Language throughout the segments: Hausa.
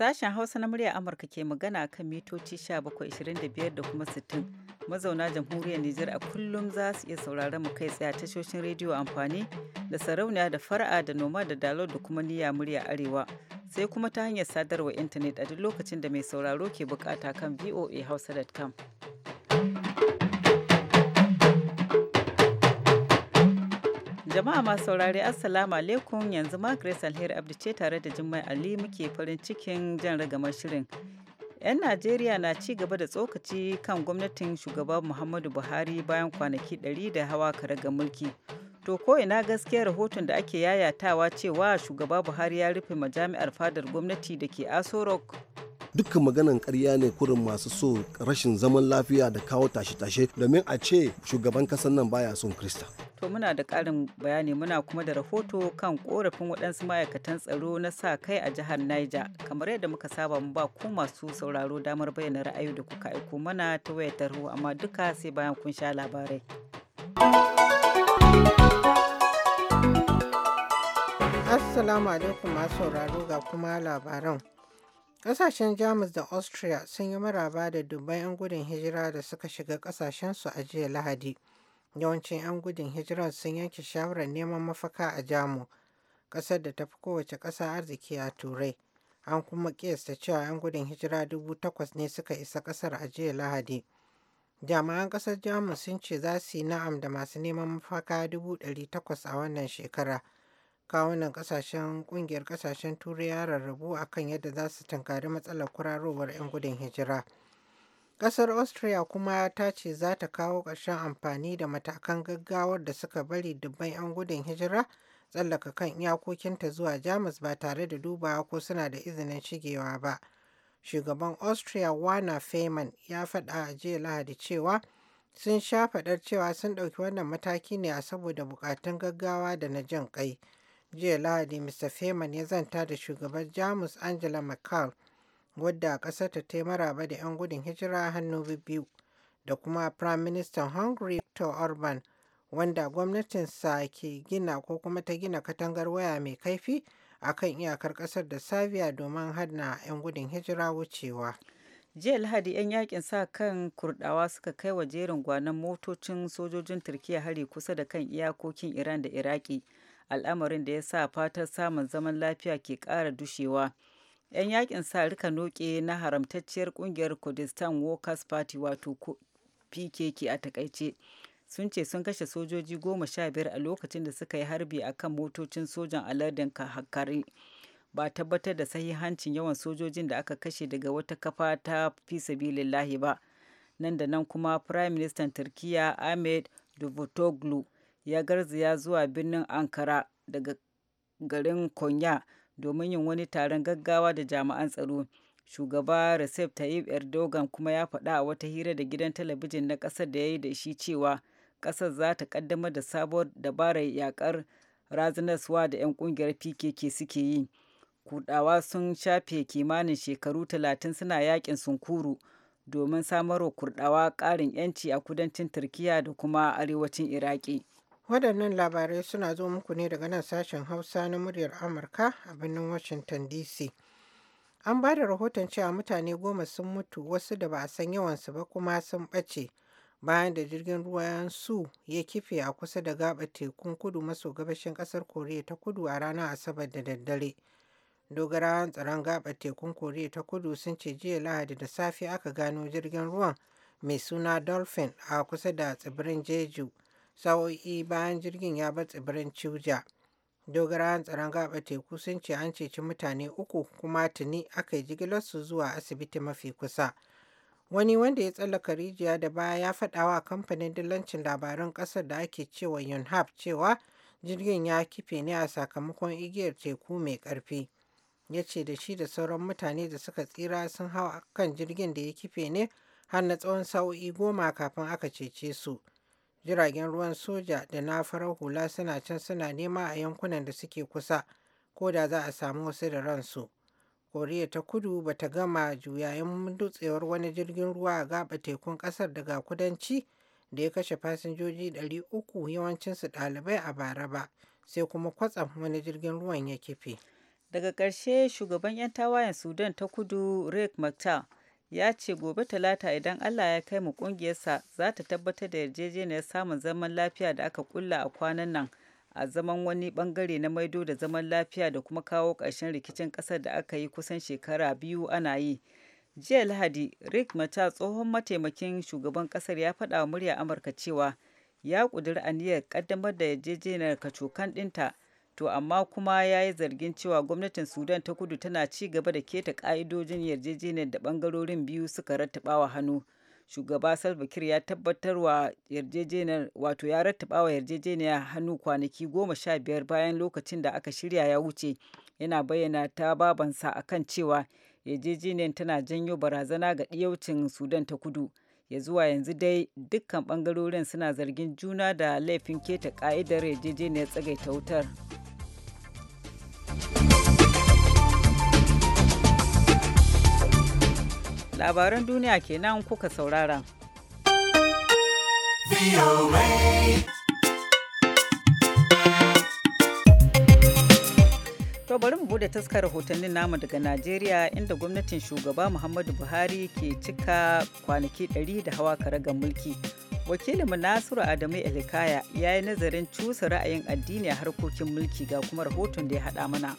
Sashen Hausa na murya Amurka ke magana kan mitoci 1725 da kuma 60. Mazauna jamhuriyar Nijar a kullum za su iya sauraron mu kai tsaye tashoshin rediyo amfani da sarauniya da fara'a da noma da dalo da kuma niyya murya arewa. Sai kuma ta hanyar sadarwa intanet a duk lokacin da mai sauraro ke bukata kan voahausa.com. Jama'a masu saurari, Assalamu alaikum yanzu ma Grace Alheri Abdu ce tare da Jummai Ali muke farin cikin jan ragamar shirin. 'Yan Najeriya na ci gaba da tsokaci kan gwamnatin shugaba Muhammadu Buhari bayan kwanaki 100 da hawa kare ga mulki. To ko ina gaskiya rahoton da ake yayatawa cewa shugaba Buhari ya rufe majami'ar fadar gwamnati da ke Aso dukkan maganan karya ne kurin masu so rashin zaman lafiya da kawo tashe-tashe domin a ce shugaban kasar nan baya son krista to muna da ƙarin bayani muna kuma da rahoto kan korafin waɗansu ma'aikatan tsaro na sa kai a jihar niger kamar yadda muka saba mu ba ku masu sauraro damar bayyana ra'ayi da kuka aiko mana ta wayar tarho amma duka sai bayan kun sha labarai assalamu alaikum masu sauraro ga kuma labaran Ƙasashen Jamus da Austria sun yi maraba da dubban 'yan gudun hijira da suka shiga ƙasashensu a jiya Lahadi. Yawancin 'yan gudun hijirar sun yanke shawarar neman mafaka a Jamus, ƙasar da ta fi kowace ƙasa arziki a Turai. An kuma ƙiyasta cewa 'yan gudun hijira dubu takwas ne suka isa ƙasar a jiya Lahadi. Jami'an ƙasar Jamus sun ce za su yi na'am da masu neman mafaka dubu ɗari takwas a wannan shekara. kawunan kasashen kungiyar kasashen turai ya rarrabu akan yadda za su tankari matsalar kurarowar 'yan gudun hijira kasar austria kuma ta ce za ta kawo ƙarshen amfani da matakan gaggawar da suka bari dubban 'yan gudun hijira tsallaka kan iyakokinta zuwa jamus ba tare da dubawa ko suna da izinin shigewa ba shugaban austria wana feman ya faɗa a jiya lahadi cewa sun sha faɗar cewa sun ɗauki wannan mataki ne a saboda buƙatun gaggawa da na jin ƙai. jiya lahadi mr feman ya zanta da shugabar jamus angela merkel wadda ƙasarta ta yi maraba da 'yan gudun hijira hannu biyu da kuma prime minister hungary viktor orban wanda gwamnatinsa ke gina ko kuma ta gina katangar waya mai kaifi a kan iyakar ƙasar da serbia domin hana 'yan gudun hijira wucewa jiya lahadi 'yan yakin sa kan kurdawa suka kai wa jerin gwanon motocin sojojin turkiya hari kusa da kan iyakokin iran da iraki al'amarin da ya sa fatar samun zaman lafiya ke ƙara dushewa. 'Yan yakin sa rika noke na haramtacciyar kungiyar Kurdistan Workers Party wato PKK a takaice. Sun ce sun kashe sojoji goma sha biyar a lokacin da suka yi harbi a kan motocin sojan alardin Kahakari. Ba tabbatar da sahihancin yawan sojojin da aka kashe daga wata kafa ta fi ba. Nan da nan kuma Prime Minister Turkiyya Ahmed Davutoglu ya garzaya zuwa birnin Ankara daga garin Konya domin yin wani taron gaggawa da jami'an tsaro. Shugaba Recep Tayyip Erdogan kuma ya faɗa a wata hira da gidan talabijin na ƙasar da ya yi da shi cewa ƙasar za ta ƙaddamar da sabuwar dabarar yakar razanaswa da 'yan ƙungiyar PKK suke yi. kudawa sun shafe kimanin shekaru talatin suna yakin sunkuru domin samarwa Kurdawa ƙarin 'yanci a kudancin turkiyya da kuma arewacin Iraki. Waɗannan labarai suna zo muku ne daga nan sashen Hausa na muryar Amurka a birnin Washington DC. An ba da rahoton cewa mutane goma sun mutu wasu da ba a san yawansu ba kuma sun ɓace bayan da jirgin ruwan su ya kife a kusa da gaɓa tekun kudu maso gabashin ƙasar Koriya ta kudu a ranar Asabar da daddare. Dogarawan tsaron gaɓa tekun Koriya ta kudu sun ce jiya Lahadi da safe aka gano jirgin ruwan mai suna Dolphin a kusa da tsibirin Jeju. sa'o'i bayan jirgin ya bar tsibirin Chuja. an tsaron gaba teku sun ce an ceci mutane uku kuma tuni aka yi su zuwa asibiti mafi kusa. Wani wanda ya tsallaka rijiya da baya ya faɗa wa kamfanin dillancin labarun ƙasar da ake cewa Yunhab cewa jirgin ya kife ne a sakamakon igiyar teku mai ƙarfi. Ya ce da shi da sauran mutane da suka tsira sun hau kan jirgin da ya kife ne har na tsawon sa'o'i goma kafin aka cece su. jiragen ruwan soja da na farar hula suna can suna nema a yankunan da suke kusa ko da za a samu wasu da ransu koriya ta kudu ba ta gama juyayen dutsewar wani jirgin ruwa a gaba tekun kasar daga kudanci da ya kashe fasinjoji 300 yawancinsu ɗalibai a bara ba sai kuma kwatsam wani jirgin ruwan ya kife daga ƙarshe shugaban 'yan tawayen sudan ta kudu rick mctar ya ce gobe talata idan allah ya kai mu kungiyarsa za ta tabbatar da yarjejeniyar samun zaman lafiya da aka kulla a kwanan nan a zaman wani bangare na maido da zaman lafiya da kuma kawo ƙarshen rikicin ƙasar da aka yi kusan shekara biyu ana yi jiya lahadi rick mata tsohon mataimakin shugaban ƙasar ya faɗa wa murya amurka cewa ya ƙudiri aniyar ƙaddamar da yarjejeniyar kacokan ɗinta to amma kuma ya yi zargin cewa gwamnatin sudan ta kudu tana ci gaba da keta ka'idojin yarjejeniyar da bangarorin biyu suka rattabawa hannu shugaba salva kiir ya tabbatarwa yarjejeniyar wato ya rattabawa yarjejeniyar hannu kwanaki goma sha biyar bayan lokacin da aka shirya ya wuce yana bayyana ta babansa akan cewa yarjejeniyar tana janyo barazana ga ɗiyaucin sudan ta kudu ya zuwa yanzu dai dukkan bangarorin suna zargin juna da laifin keta ka'idar yarjejeniyar tsagaita wutar Labaran duniya kenan kuka saurara. To bari mu bude taskar rahotannin namu daga Najeriya inda gwamnatin shugaba Muhammadu Buhari ke cika kwanaki 100 da hawa karagar mulki. wakilinmu nasiru adamu elikaya ya yi nazarin cusa ra'ayin addini a harkokin mulki ga kuma rahoton da ya haɗa mana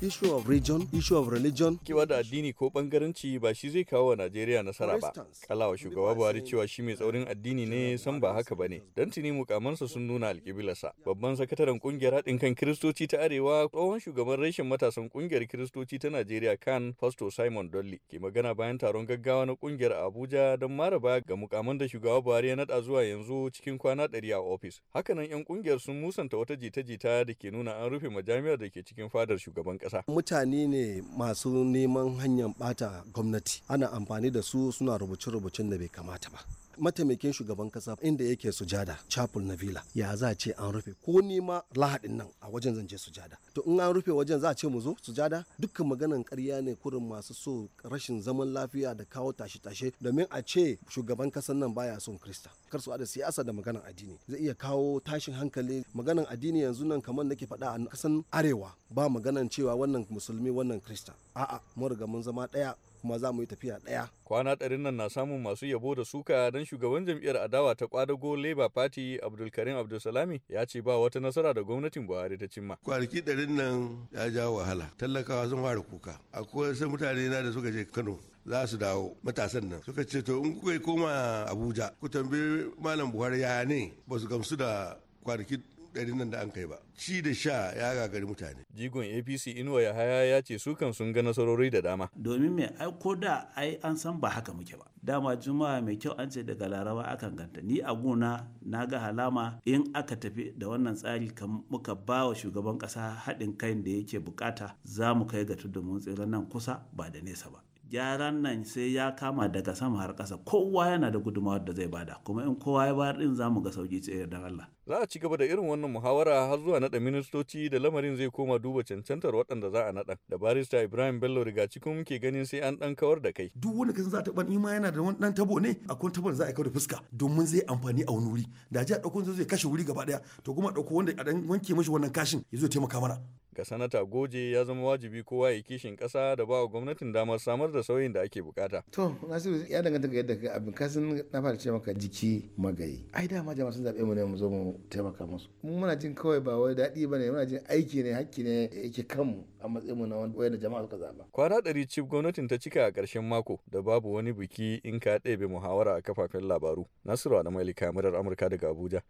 issue of region, issue of religion. Kiwa da addini ko bangaranci ba shi zai kawo wa Najeriya nasara ba. Kalawa shugaba Buhari cewa shi mai tsaurin addini ne san ba haka ba ne. Dan tuni mukamansa sun nuna alkibilarsa Babban sakataren kungiyar haɗin kan Kiristoci ta Arewa tsohon shugaban reshen matasan kungiyar Kiristoci ta Najeriya kan fasto Simon Dolly ke magana bayan taron gaggawa na kungiyar Abuja don maraba ga mukaman da shugaba Buhari ya naɗa zuwa yanzu cikin kwana ɗari a ofis. Hakanan 'yan kungiyar sun musanta wata jita-jita da ke nuna an rufe majami'ar da ke cikin fadar shugaban ƙasa. ƙasa. Mutane ne masu neman hanyar bata gwamnati ana amfani da su suna rubuce-rubucen da bai kamata ba. mataimakin shugaban kasa inda yake sujada chapel na villa ya za ce an rufe ko nima lahadin nan a wajen zan je sujada to in an rufe wajen za a ce mu zo sujada dukkan maganan ƙarya ne kurin masu so rashin zaman lafiya da kawo tashe-tashe domin a ce shugaban kasan nan baya son krista kar su da siyasa da maganan addini zai iya kawo tashin hankali maganan addini yanzu nan kamar nake faɗa a kasan arewa ba maganan cewa wannan musulmi wannan krista a'a mun riga mun zama ɗaya kuma za mu yi tafiya ɗaya. Kwana ɗarin nan na samun masu yabo da suka don shugaban jam'iyyar adawa ta kwadago Labour Party Abdulkarim Abdulsalami ya ce ba wata nasara da gwamnatin Buhari ta cimma. Kwanaki ɗarin nan ya ja wahala, talakawa sun fara kuka. Akwai wasu mutane na da suka je Kano za su dawo matasan nan suka ce to in kuka koma Abuja ku tambayi Malam Buhari ya ne ba su gamsu da kwanaki ɗari nan da an kai ba ci da sha ya gagari mutane jigon apc inuwa ya haya ya ce su kan sun ga nasarori da dama domin me ai ko da ai an san ba haka muke ba dama juma'a mai kyau an ce daga laraba akan ganta ni a gona na ga halama in aka tafi da wannan tsari kan muka ba wa shugaban kasa haɗin kai da yake bukata za mu kai ga tudun mun tsira nan kusa ba da nesa ba gyaran nan sai ya kama daga sama har kasa kowa yana da gudunmawar da zai bada kuma in kowa ya bayar din zamu ga sauki tsaye da Allah za a ci gaba da irin wannan muhawara har zuwa naɗa ministoci da lamarin zai koma duba cancantar waɗanda za a naɗa da barista Ibrahim Bello riga cikin muke ganin sai an ɗan kawar da kai duk wani kasan za ta ban ma yana da da wani dan tabo ne akwai tabo da za a kawo da fuska domin zai amfani a wani wuri da ji a ɗauko zai kashe wuri gaba ɗaya to kuma ɗauko wanda a dan wanke mashi wannan kashin ya zo taimaka mana Ga sanata Goje ya zama wajibi kowa ya kishin kasa da ba wa gwamnatin damar samar da sauyin da ake bukata. To, Nasiru ya danganta ga yadda ka abin kasan na fara ce maka jiki magayi. Ai ma jama'a sun zaɓe mu ne mu zo mu taimaka musu. Mun muna jin kawai ba wai daɗi ba ne muna jin aiki ne hakki ne yake kanmu a matsayin mu na wanda jama'a suka zaɓa. Kwana ɗari cif gwamnatin ta cika a ƙarshen mako da babu wani biki in ka ɗebe muhawara a kafafen labaru. Nasiru Adamali kamarar Amurka daga Abuja,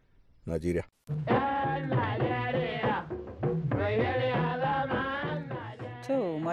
Najeriya.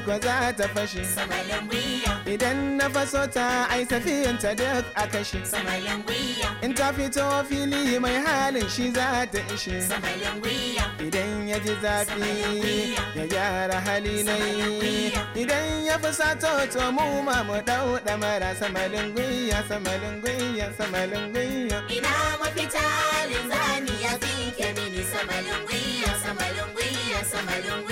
wutar ko za ta fashe idan na faso ta ai safiyan ta duk a kashe in ta fito fili mai halin shi za ta ishe idan ya ji zafi ya gyara hali yi idan ya fi sato mu ma mu dau mara samalin gwiya samalin gwiya samalin gwiya ina mafita ni ya tsinke mini samalin gwiya samalin gwiya samalin gwiya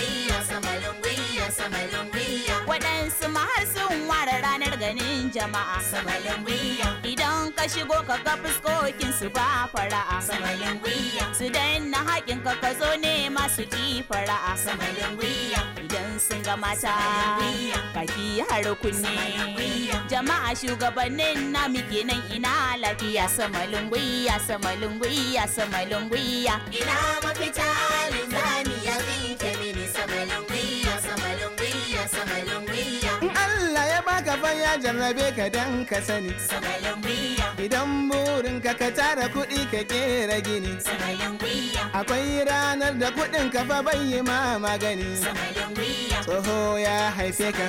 su sun ware ranar ganin jama'a idan ka shigo ka ga fuskokin su ba fara'a samalin wiya su danna haƙin ka ka zo ne masu ki fara'a idan sun ga mata kaki har kunne jama'a shugabannin na muke nan ina lafiya samalin wiya samalin wiya samalin wiya ina mafita ya jarrabe ka dan ka sani idan burin ka ka tara kuɗi ka kera gini akwai ranar da kuɗin ka fa bai ma magani tsoho ya haife ka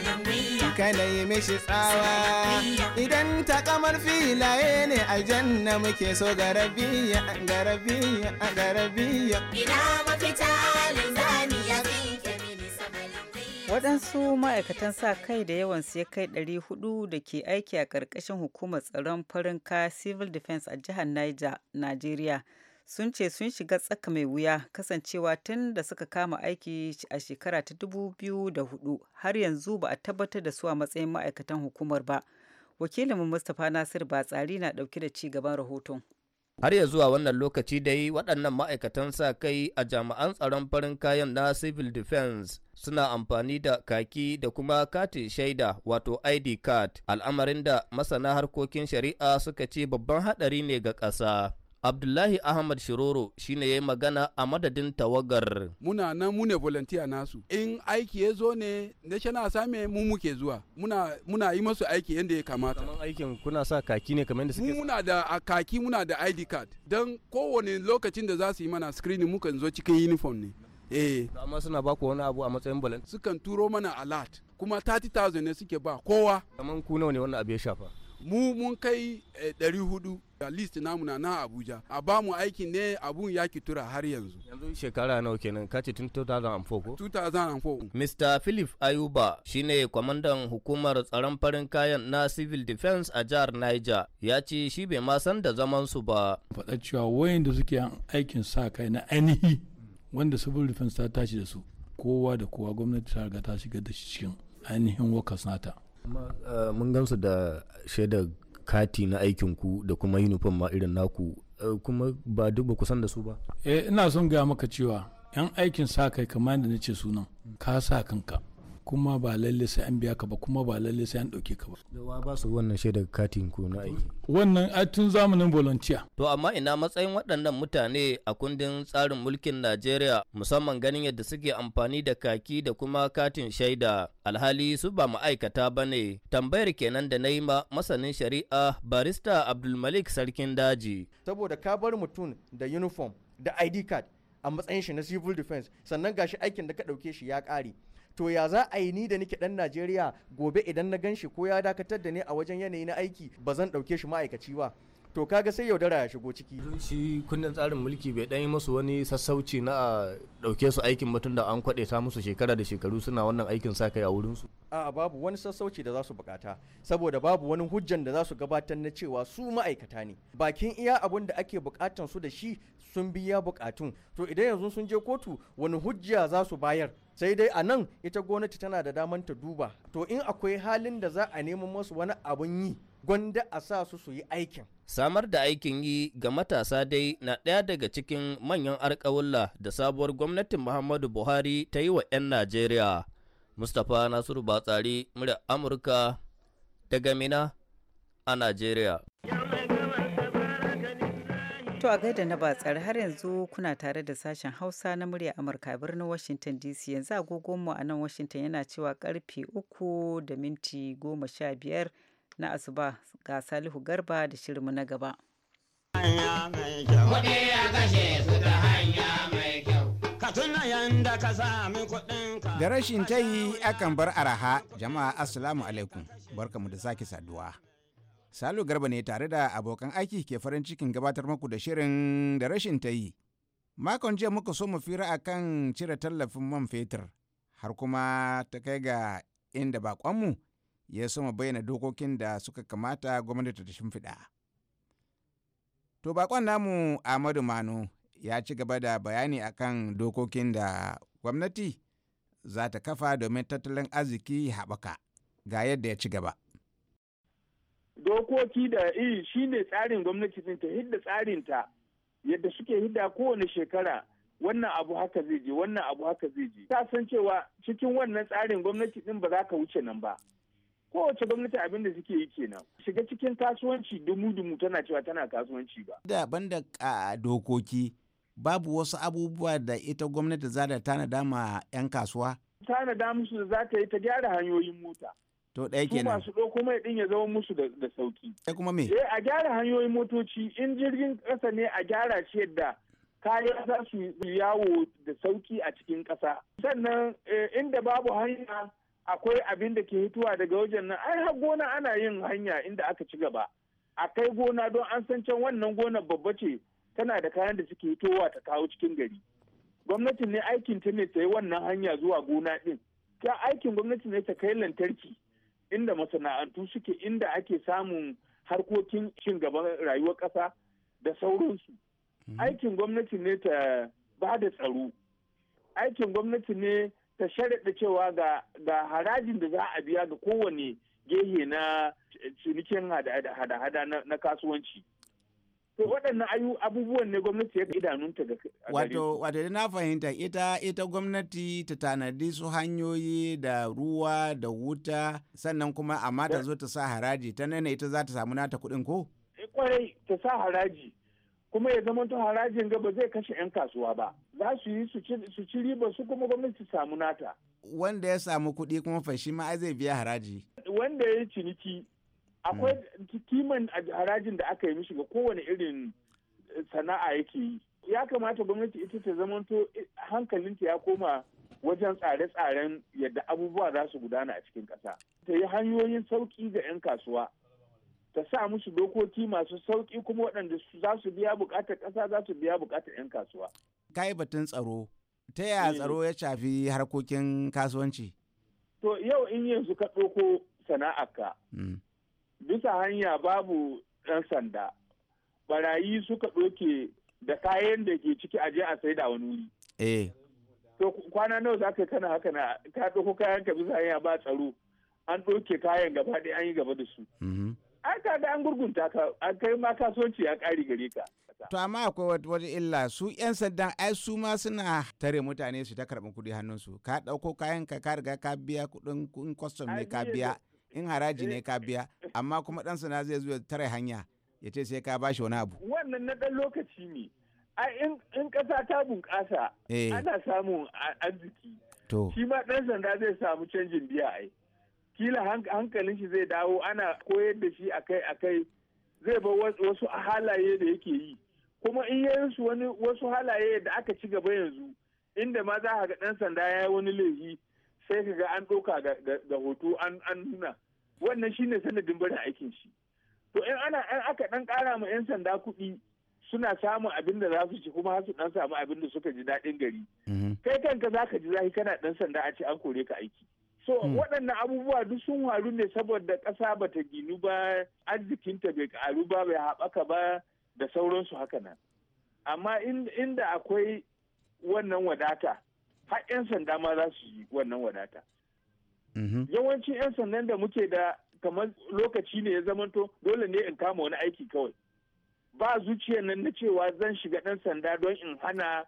kana yi mishi tsawa idan ta kamar filaye ne aljanna muke so garabiya garabiya garabiya ina mafita waɗansu ma'aikatan sa kai da yawan ya kai 400 da ke aiki a ƙarƙashin hukumar tsaron farin kaya civil defense a jihar niger nigeria sun ce sun shiga tsaka mai wuya kasancewa tun da suka kama aiki a shekara ta 2004 har yanzu ba a tabbatar da su a matsayin ma'aikatan hukumar ba wakilinmu mustapha nasir batsari na ɗauke da ci gaban rahoton har ya zuwa wannan lokaci dai waɗannan ma'aikatan sa kai a jami'an tsaron farin kayan na civil defense suna amfani da kaki da kuma katin shaida wato id card al'amarin da masana harkokin shari'a suka ce babban haɗari ne ga ƙasa Abdullahi Ahmad Shiroro shine ya yi magana a madadin tawagar. Muna nan mune volunteer nasu. In aiki ya zo ne National same mu muke zuwa. Muna muna yi masu aiki yadda ya kamata. Kaman aikin kuna sa kaki ne kamar da suke. Muna da a kaki muna da ID card. Dan kowane lokacin da za su yi mana screening muka zo cikin uniform ne. Eh. Amma suna ba ku wani abu a matsayin volunteer. Sukan turo mana alert. Kuma 30,000 ne suke ba kowa. Kaman ku nawa ne wannan abu ya shafa? mu mun kai eh, ɗari hudu da list namu na nan abuja a ba mu aikin ne abun ya tura har yanzu yanzu shekara nawa kenan kace tun 2004 ko 2004 Mr Philip Ayuba shine kwamandan hukumar tsaron farin kayan na civil defense a jihar Niger ya ce shi bai ma san da zaman su ba faɗa cewa wayanda suke aikin sa kai na ainihi wanda civil defense ta tashi da su kowa da kowa gwamnati ta riga ta shiga da shi cikin ainihin wakas nata Eh, mun gamsu da shaidar kati na aikinku da kuma uniform ma irin naku eh, kuma ba duk ba kusan da su ba eh ina son gaya maka cewa yan aikin sa kai kamar da nace sunan ka sa kanka kuma ba lalle sai an biya ka ba kuma ba lalle sai an ɗauke ka ba. Yawa ba su wannan shaidar katin ko na aiki. Wannan a tun zamanin volunteer. To amma ina matsayin waɗannan mutane a kundin tsarin mulkin Najeriya musamman ganin yadda suke amfani da kaki da kuma katin shaida alhali su ba ma'aikata ba ne tambayar kenan da na yi ma masanin shari'a barista Abdulmalik Sarkin Daji. Saboda ka bar mutum da uniform da ID card a matsayin shi na civil defense sannan gashi aikin da ka ɗauke shi ya ƙare to ya za a yi ni da nake dan Najeriya gobe idan na gan shi ko ya dakatar da ni a wajen yanayi na aiki ba zan ɗauke shi ma'aikaci ba to kaga sai yaudara ya shigo ciki shi kundin tsarin mulki bai dan yi musu wani sassauci na a dauke su aikin batun da an kwade ta musu shekara da shekaru suna wannan aikin sa kai a wurin su a babu wani sassauci da za su bukata saboda babu wani hujjan da za su gabatar na cewa su ma'aikata ne bakin iya abun da ake bukatan su da shi sun biya bukatun to idan yanzu sun je kotu wani hujja za su bayar sai dai a nan ita gwamnati tana da daman ta duba to in akwai halin da za a neman masu wani abun yi gwanda a sa su su yi aikin samar da aikin yi ga matasa dai na ɗaya daga cikin manyan arkawulla da sabuwar gwamnatin muhammadu buhari ta yi wa 'yan najeriya mustapha nasiru batsari murya amurka daga mina a najeriya yeah. To a gaida na batsar har yanzu kuna tare da sashen Hausa na murya Amurka birnin Washington DC yanzu agogonmu a nan Washington yana cewa karfe uku da minti goma sha biyar na asuba ga Salihu Garba da shirinmu na gaba. Da rashin tayi akan bar araha jama'a assalamu alaikum barkamu da sake saduwa. Salo Garba ne tare da abokan aiki ke farin cikin gabatar muku da shirin da rashin ta yi. Makon jiya muka so mu fira a kan cire tallafin man fetur, har kuma ta kai ga inda baƙonmu ya so mu bayyana dokokin da suka kamata gwamnati ta shimfiɗa. To bakon namu Ahmadu Manu ya ci gaba da bayani akan dokokin da gwamnati za ta kafa domin tattalin arziki haɓaka ga yadda ya ci gaba. dokoki da iri shi ne tsarin gwamnati sun ta hidda tsarinta yadda suke hidda kowane shekara wannan abu haka zai je wannan abu haka zai je ta san cewa cikin wannan tsarin gwamnati din ba za ka wuce nan ba kowace gwamnati abin da suke yi kenan shiga cikin kasuwanci dumu-dumu tana cewa tana kasuwanci ba da banda dokoki babu wasu abubuwa da ita gwamnati za da tanada ma 'yan kasuwa da musu da za ta yi ta gyara hanyoyin mota To ɗaya kenan. Su ɗauko mai ɗin ya zama musu da sauki. Sai kuma me? Eh a gyara hanyoyin motoci in jirgin ƙasa ne a gyara shi yadda kayan za su yawo da sauki a cikin ƙasa. Sannan eh, inda babu hanya akwai abin da ke hituwa daga wajen nan ai har gona ana yin hanya inda aka ci gaba. A kai gona don an san can wannan gona babba ce tana da kayan da suke hitowa ta kawo cikin gari. Gwamnatin ne aikin ta ne ta yi wannan hanya zuwa gona ɗin. Ta aikin gwamnati ne ta kai lantarki. inda masana'antu suke inda ake samun harkokin cin gaban rayuwar ƙasa da sauransu mhm. aikin gwamnati ne ta ba da tsaro aikin gwamnati ne ta sharaɗa cewa ga harajin da za a biya ga kowane gehe na cinikin hada-hada na kasuwanci to waɗannan ayu abubuwan ne gwamnati ya idanunta ga wato wato da na fahimta ita ita gwamnati ta tanadi su hanyoyi da ruwa da wuta sannan kuma amma ta eh. zo ta sa haraji ta nana ita za ta samu nata kuɗin ko eh, kwarai ta sa haraji kuma ya zama to harajin gaba zai kashe 'yan kasuwa ba za su yi su ci riba su kuma gwamnati samu nata wanda ya samu kuɗi kuma fashi ma zai biya haraji wanda ya yi ciniki akwai hmm. kiman harajin da aka yi mishi ga kowane irin eh, sana'a yake yi ya kamata gwamnati ita ta zamanto eh, hankalinta ya koma wajen tsare-tsaren yadda abubuwa za su gudana a cikin ƙasa ta yi hanyoyin sauƙi ga 'yan kasuwa ta sa musu dokoki masu sauƙi kuma waɗanda za su biya buƙatar ƙasa za su biya buƙatar 'yan kasuwa kai batun tsaro ta yaya eh. tsaro ya shafi harkokin kasuwanci to yau in yanzu ka ɗauko sana'arka hmm. bisa hanya babu ɗan sanda barayi suka ɗoke da kayan da ke ciki aje a sai da wani wuri. Eh. To kwana nawa za ka kana haka na ka ɗauko kayan ka bisa hanya ba tsaro an ɗoke kayan gaba ɗaya an yi gaba da su. Mm-hmm. An ka ga an gurgunta ka an kai ma kasuwanci ya ƙari gare ka. To amma akwai wata illa su 'yan sandan ai su ma suna tare mutane su ta karɓi kuɗi hannunsu ka ɗauko kayan ka ka riga ka biya kuɗin kwastam ne ka biya. in haraji ne eh. ka biya amma kuma ɗan suna zai zo tare hanya ya ce sai ka bashi wani abu wannan na ɗan lokaci ne a in kasa ta bunƙasa eh. ana samun arziki to shi ma ɗan sanda zai samu canjin biya ai kila hankalin shi zai dawo ana koyar da shi akai akai zai bar wasu halaye da yake yi kuma in yayin su wani wasu halaye da aka ci gaba yanzu inda ma za ka ga ɗan sanda ya yi wani laifi sai ka ga an ɗauka ga hoto an nuna wannan shi ne sanadin barin aikin shi to in ana an aka ɗan kara ma yan sanda kuɗi suna samun abin da za su ci kuma su dan samu abin da suka ji daɗin gari mm-hmm. kai kanka za ka ji zafi kana ɗan sanda a ce an kore ka aiki so mm. waɗannan abubuwa duk sun waru ne saboda ƙasa ba ta ginu ba arzikinta bai ƙaru ba bai haɓaka ba da sauransu haka nan amma inda akwai wannan wadata har 'yan sanda ma za su yi wannan wadata Mm-hmm. yawancin 'yan sandan da muke da kamar lokaci ne ya zamanto dole ne in kama wani aiki kawai ba zuciyar nan na cewa zan shiga ɗan sanda don in hana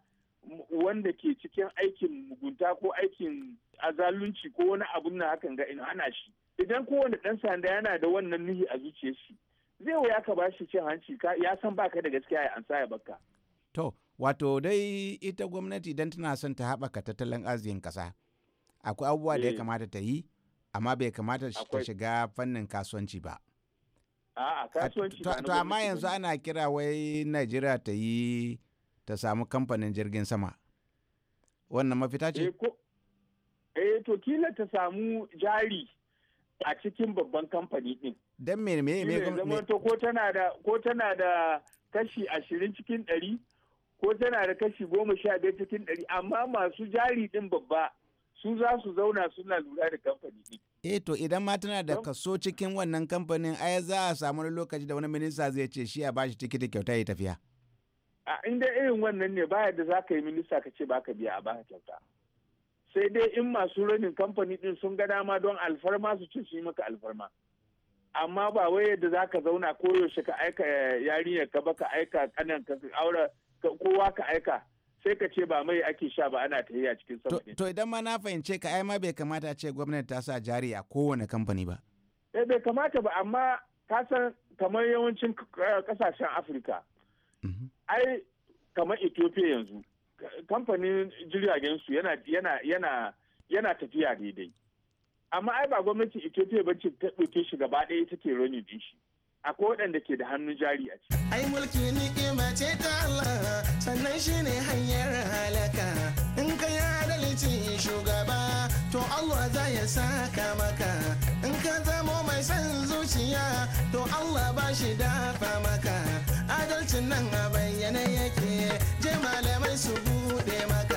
wanda ke cikin aikin mugunta ko aikin azalunci ko wani abun na hakan ga in hana shi idan kowane ɗan sanda yana da wannan nuhi a zuciyar shi zai wuya ka ba shi cin hanci ya san baka da gaskiya ya ansa ya baka to wato dai ita gwamnati idan tana son ta haɓaka tattalin arzikin ƙasa akwai abubuwa da ya eh. kamata ta yi amma bai kamata ta shiga fannin kasuwanci ba to amma yanzu ana kira wai Najeriya ta yi ta samu kamfanin jirgin sama wannan mafita ce eh, eh to kila ta samu jari a cikin babban kamfani din dan me me me ko tana da ko tana da kashi ashirin cikin ɗari ko tana da kashi goma sha biyar cikin ɗari amma masu jari ɗin babba su za su zauna suna lura da kamfani ne. Eh to idan ma tana da kaso cikin wannan kamfanin ai za a samu lokaci da wani minista zai ce shi a bashi tikiti kyauta ya tafiya. A inda irin wannan ne baya da za ka yi minista ka ce baka biya a baka kyauta. Sai dai in masu ranin kamfani ɗin sun ga dama don alfarma su ce su yi maka alfarma. Amma ba wai yadda za ka zauna koyaushe ka aika eh, yarinyar ka ba ka aika kanan ka aura kowa ka aika sai ka ce ba mai ake sha ba ana tafiya cikin sama ne. To idan ma na fahimce ka ai ma bai kamata ce gwamnati ta sa jari a kowane kamfani ba. Eh bai kamata ba amma ka san kamar yawancin kasashen Afirka. Mhm. Ai kamar Ethiopia yanzu kamfanin jiragen su yana yana yana yana tafiya daidai. Amma ai ba gwamnatin Ethiopia ba ce ta ɗauke shi gaba ɗaya take rani din shi. akwai waɗanda ke da hannun jari a ciki. Ai mulki ni'ima ce ta Allah sannan shi ne hanyar halaka in ka yi adalci shugaba to Allah za ya saka maka in ka zamo mai son zuciya to Allah ba shi dafa maka adalcin nan a bayyane yake je malamai su buɗe maka.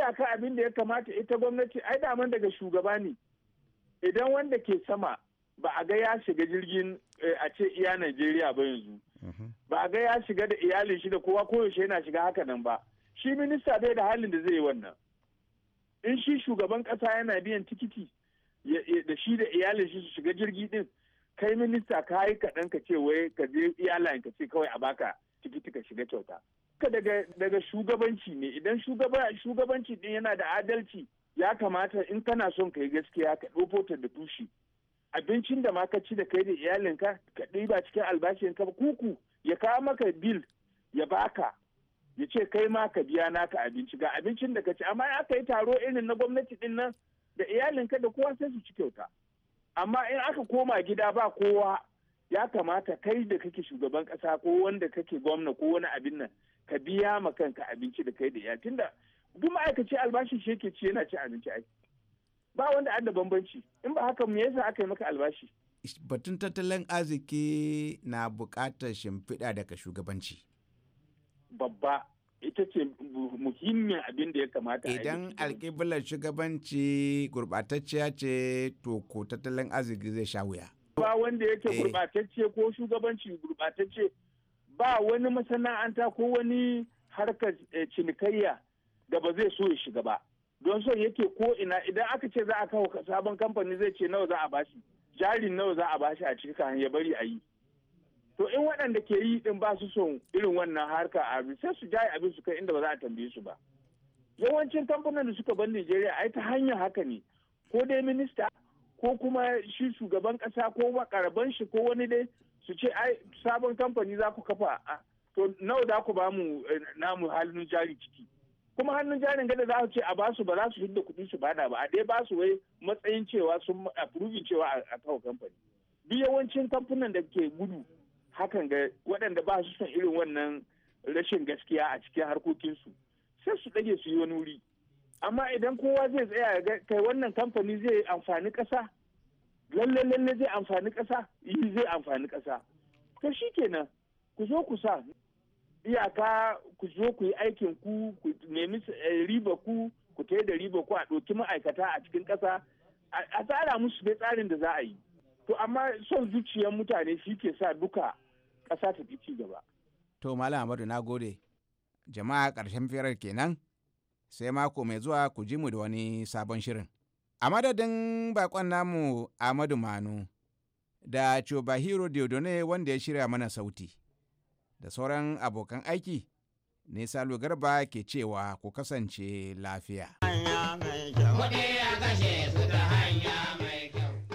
iyaka abin da ya kamata ita gwamnati ai daman daga shugaba ne idan wanda ke sama ba a ga ya shiga jirgin eh, a ce iya Najeriya ba yanzu mhm. ba a ga ya shiga da iyalin shi da kowa koyaushe yana shiga haka nan ba shi minista bai da halin da zai yi wannan in shi shugaban kasa yana biyan tikiti da shi da iyalin shi su shiga jirgi din kai minista ka yi kaɗan ka ce wai ka je iyalin ka ce kawai a baka tikiti ka shiga kyauta duka daga shugabanci ne idan shugabanci din yana da adalci ya kamata in kana son ka yi gaskiya ka ɗofo ta da tushe abincin da ma ka ci da kai da iyalinka ka ɗiba cikin albashin ka kuku ya kawo maka bil ya baka ya ce kai ma ka biya naka abinci ga abincin da ka ci amma aka yi taro irin na gwamnati din nan da iyalinka da kowa sai su ci kyauta amma in aka koma gida ba kowa ya kamata kai da kake shugaban kasa ko wanda kake gwamna ko wani abin nan ka biya ma kanka abinci da kai da ya tunda duk ma'aikaci albashi shi yake ci yana ci abinci ai ba wanda adda bambanci in ba haka me yasa aka yi maka albashi batun tattalin arziki na buƙatar shimfiɗa daga shugabanci babba ita ce muhimmin abin da ya kamata idan alƙiblar shugabanci gurɓatacciya ce to ko tattalin arziki zai sha wuya ba wanda yake eh. gurbatacce ko shugabanci gurbatacce ba wani masana'anta ko wani harkar eh, cinikayya da ba zai so ya shiga ba don son yake ko ina idan aka ce za a kawo sabon kamfani zai ce nawa za a bashi jari nawa za a bashi a cikin ya bari a yi to in waɗanda ke yi din ba su son irin wannan harka a sai su jaye abin su kai inda ba za a tambaye su ba yawancin kamfanin da suka bar Nijeriya ai ta hanyar haka ne ko dai minista ko kuma shi shugaban kasa ko makaraban shi ko wani dai su ce ai sabon kamfani za ku kafa to nawa za ku ba mu eh, namu halin jari ciki kuma hannun jarin gada za su ce a basu ba za su fidda kuɗi su bada ba a dai ba su wai matsayin cewa sun approving cewa a kawo kamfani duk yawancin kamfanin da ke gudu hakan ga waɗanda ba su son irin wannan rashin gaskiya a cikin harkokinsu sai su ɗage su yi wani wuri amma idan kowa zai tsaya ga kai wannan kamfani zai amfani ƙasa lalle lalle zai amfani ƙasa yi zai amfani ƙasa to shi kenan ku zo ku sa iyaka ku zo ku yi aikin ku ku nemi eh, riba ku ku ta da riba ku a ɗauki ma'aikata a cikin ƙasa a tsara musu dai tsarin da za a yi to amma son zuciyar mutane shi ke sa duka kasa ta ci gaba to malam amadu na gode jama'a ƙarshen firar kenan sai mako mai zuwa ku ji mu da wani sabon shirin. A madadin bakon namu Ahmadu Manu da Chobahiro Diodone wanda ya shirya mana sauti da sauran abokan aiki ne Salo Garba ke cewa ku kasance lafiya.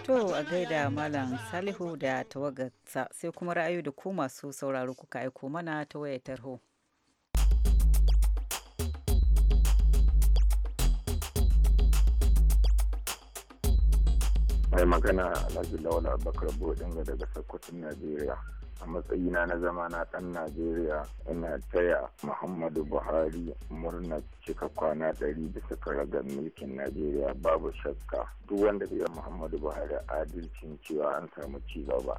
To a gaida Malam Salihu da tawagarsa sai kuma ra'ayi da ku masu sauraro kuka aiko mana ta wayar tarho. mai magana alhaji lawal abubakar bodinga daga sokoton najeriya a matsayina na zama na ɗan najeriya ina taya muhammadu buhari murnar cika kwana ɗari da suka raga mulkin najeriya babu shakka duk wanda bai muhammadu buhari adalcin cewa an samu ci gaba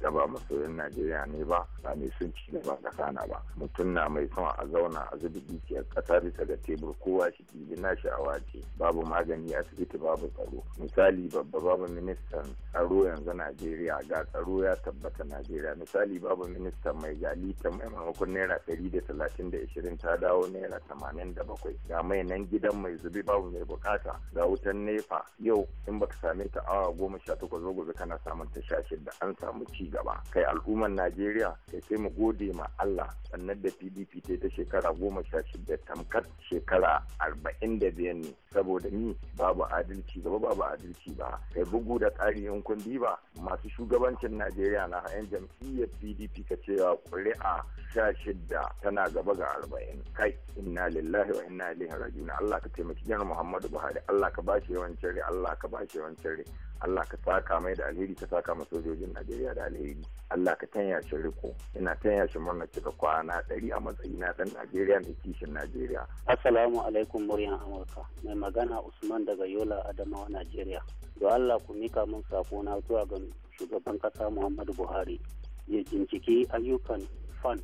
ta ba masoyin najeriya ne ba ba ne sun ci gaba sana ba mutum na mai son a zauna a zubi dukiyar ƙasa bisa ga tebur kowa shi ɗibi na sha'awa ce babu magani asibiti babu tsaro misali babba babu ministan tsaro yanzu najeriya ga tsaro ya tabbata najeriya misali babu minista mai jalita mai maimakon naira ɗari da talatin da ishirin ta dawo naira tamanin da bakwai ga mai nan gidan mai zube babu mai bukata ga wutan nefa yau in baka same ta awa goma sha takwas gobe kana samun ta sha shida an samu ci gaba kai al'ummar najeriya kai sai mu gode ma allah sannan da pdp ta ta shekara goma sha shida tamkar shekara arba'in da biyar ne saboda ni babu adalci gaba babu adalci ba kai bugu da tsari yankun diba masu shugabancin najeriya na 'yan jam'iyya jam'iyyar pdp ka cewa ƙuri'a sha shidda tana gaba ga arba'in kai inna lillahi wa inna ilaihi rajiun allah ka taimaki jan muhammadu buhari allah ka bashi yawancin rai allah ka bashi yawancin rai allah ka saka mai da alheri ka saka ma sojojin najeriya da alheri allah ka tanya shi riko ina tanya shi murna cika kwana ɗari a matsayi na ɗan najeriya da kishin najeriya assalamu alaikum muryan amurka mai magana usman daga yola adamawa najeriya do allah ku mika mun sako na zuwa ga shugaban kasa muhammadu buhari ya binciki ayyukan fan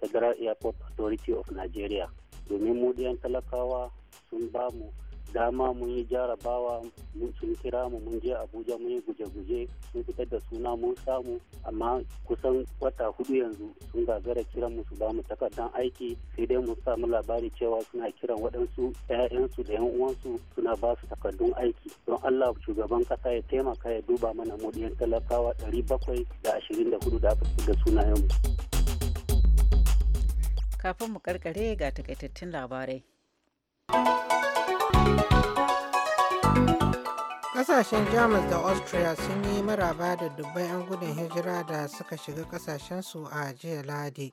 federal airport authority of nigeria domin mu talakawa sun ba mu dama mun yi jarabawa mun sun kira mu mun je abuja mun yi guje-guje sun fitar da suna mun samu amma kusan wata hudu yanzu sun gagara kiran mu su ba mu takardan aiki sai dai mun samu labari cewa suna kiran waɗansu 'ya'yansu da 'yan uwansu suna ba su takardun aiki don allah shugaban kasa ya taimaka ya duba mana mu talakawa ɗari bakwai da ashirin da hudu da aka da sunayen mu. kafin mu karkare ga takaitattun labarai. Ƙasashen Jamus da Austria sun yi maraba da dubban 'yan gudun hijira da suka shiga ƙasashensu a jiya Lahadi.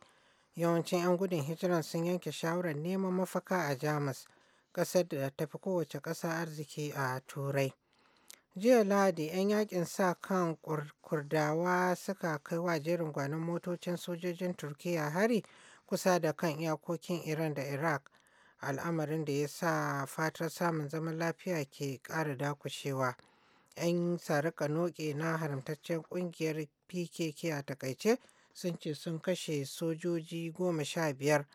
Yawancin 'yan gudun hijiran sun yanke shawarar neman mafaka a Jamus, ƙasar da ta fi kowace ƙasa arziki a Turai. Jiya Lahadi, 'yan yakin sa kan Kurdawa suka kai wa jerin gwanin motocin sojojin Turkiyya hari kusa da kan iyakokin Iran da Iraq. al'amarin da ya sa fatar samun zaman lafiya ke ƙara dakushewa. 'Yan sarika noke na haramtaccen ƙungiyar PKK a takaice sun ce sun kashe sojoji goma sha biyar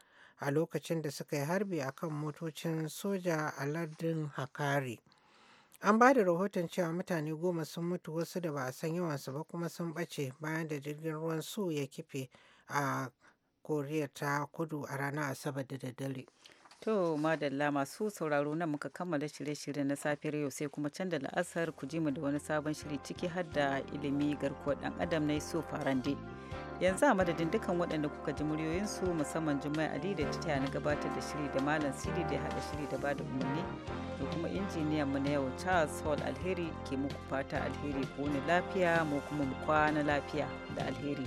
a lokacin da suka yi harbi a kan motocin soja a lardin Hakari. An ba da rahoton cewa mutane goma sun mutu wasu da ba a san yawansu ba kuma sun ɓace bayan da jirgin ruwan su ya kife a Koriya ta kudu a ranar Asabar da daddare. To madalla masu sauraro nan muka kammala shirye-shirye na safiyar yau sai kuma can da la'asar ku ji mu da wani sabon shiri ciki har da ilimi garkuwar dan adam na so farande. Yanzu a madadin dukkan waɗanda kuka ji muryoyinsu musamman Jummai Ali da ta na gabatar da shiri da Malam Sidi da ya haɗa shiri da bada umarni da kuma injiniyan mu na yau Charles Hall Alheri ke muku fata alheri ko ni lafiya mu kuma mu kwana lafiya da alheri.